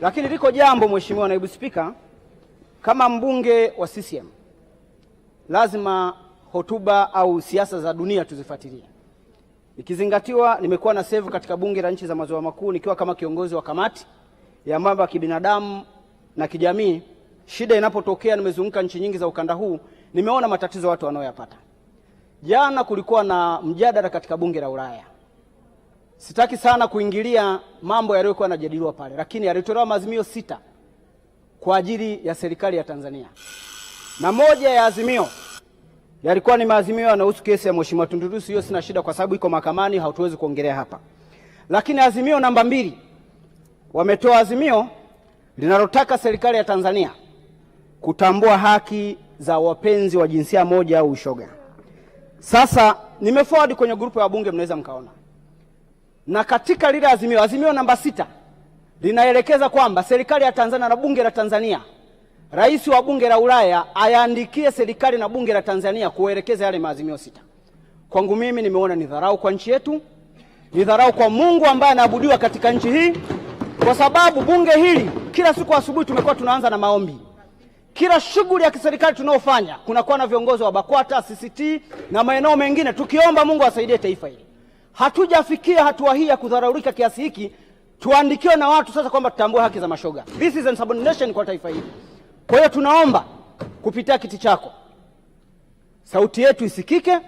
Lakini liko jambo Mheshimiwa Naibu Spika, kama mbunge wa CCM lazima hotuba au siasa za dunia tuzifuatilie. Ikizingatiwa nimekuwa na sevu katika bunge la nchi za maziwa makuu nikiwa kama kiongozi wa kamati ya mambo ya kibinadamu na kijamii. Shida inapotokea, nimezunguka nchi nyingi za ukanda huu, nimeona matatizo watu wanaoyapata. Jana kulikuwa na mjadala katika bunge la Ulaya. Sitaki sana kuingilia mambo yaliyokuwa yanajadiliwa pale, lakini yalitolewa maazimio sita kwa ajili ya serikali ya Tanzania, na moja ya azimio yalikuwa ni maazimio yanahusu kesi ya Mheshimiwa Tundu Lissu. Hiyo sina shida, kwa sababu iko mahakamani, hatuwezi kuongelea hapa. Lakini azimio namba mbili, wametoa azimio linalotaka serikali ya Tanzania kutambua haki za wapenzi wa jinsia moja au ushoga. Sasa nimeforward kwenye grupu ya wabunge, mnaweza mkaona na katika lile azimio, azimio namba sita linaelekeza kwamba serikali ya Tanzania na bunge la Tanzania, rais wa bunge la Ulaya ayaandikie serikali na bunge la Tanzania kuelekeza yale maazimio sita. Kwangu mimi nimeona ni dharau kwa nchi yetu, ni dharau kwa Mungu ambaye anaabudiwa katika nchi hii, kwa sababu bunge hili kila siku asubuhi tumekuwa tunaanza na maombi. Kila shughuli ya kiserikali tunayofanya kunakuwa na viongozi wa BAKWATA, CCT na maeneo mengine, tukiomba Mungu asaidie taifa hili hatujafikia hatua hii ya kudharaulika kiasi hiki tuandikiwe na watu sasa kwamba tutambue haki za mashoga. This is insubordination kwa taifa hili. Kwa hiyo tunaomba kupitia kiti chako sauti yetu isikike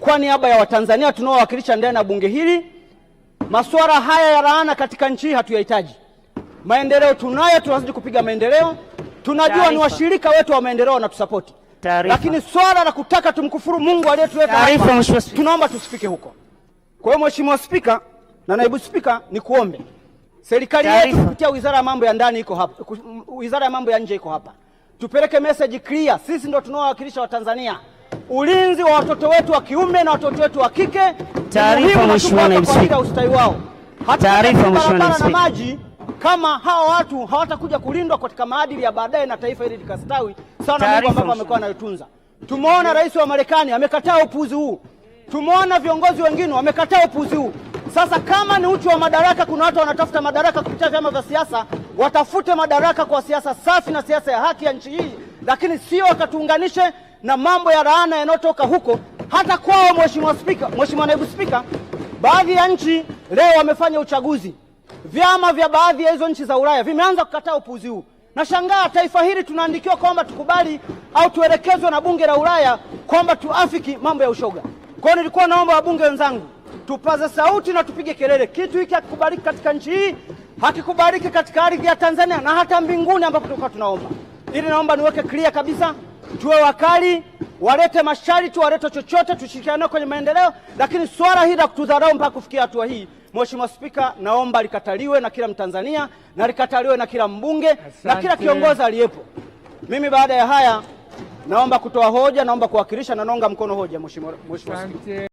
kwa niaba ya Watanzania tunaowakilisha ndani ya bunge hili. Masuala haya ya laana katika nchi hii hatuyahitaji. Maendeleo tunayo, tunazidi kupiga maendeleo. Tunajua ni washirika wetu wa maendeleo wanatusapoti, lakini swala la kutaka tumkufuru Mungu aliyetuweka hapa tunaomba tusifike huko. Kwa hiyo Mheshimiwa Spika na Naibu Spika, nikuombe serikali yetu kupitia Wizara ya Mambo ya Ndani iko hapa, Wizara ya Mambo ya Nje iko hapa, tupeleke message clear, sisi ndio tunaowakilisha Watanzania. Ulinzi wa watoto wetu wa kiume na watoto wetu wa kike Mheshimiwa naibu spika, ustawi wao. naibu spika, maji, kama hawa watu hawatakuja kulindwa katika maadili ya baadaye na taifa hili likastawi sana, Mungu ambapo amekuwa anayotunza. Tumeona rais wa Marekani amekataa upuzi huu. Tumeona viongozi wengine wamekataa upuzi huu. Sasa kama ni uchu wa madaraka, kuna watu wanatafuta madaraka kupitia vyama vya siasa, watafute madaraka kwa siasa safi na siasa ya haki ya nchi hii, lakini sio wakatuunganishe na mambo ya laana yanayotoka huko hata kwao. Mheshimiwa Spika, Mheshimiwa Naibu Spika, baadhi ya nchi leo wamefanya uchaguzi, vyama vya baadhi ya hizo nchi za Ulaya vimeanza kukataa upuzi huu. Nashangaa taifa hili tunaandikiwa kwamba tukubali au tuelekezwe na bunge la Ulaya kwamba tuafiki mambo ya ushoga. Kwa hiyo nilikuwa naomba wabunge wenzangu tupaze sauti na tupige kelele. Kitu hiki hakikubaliki katika nchi hii, hakikubaliki katika ardhi ya Tanzania na hata mbinguni ambapo tulikuwa tunaomba. Ili naomba niweke clear kabisa, tuwe wakali, walete masharti, walete chochote, tushirikiane kwenye maendeleo, lakini swala hili la kutudharau mpaka kufikia hatua hii Mheshimiwa Spika, naomba likataliwe na kila Mtanzania na likataliwe na kila mbunge Asante, na kila kiongozi aliyepo. Mimi baada ya haya Naomba kutoa hoja, naomba kuwakilisha na naunga mkono hoja, mheshimiwa.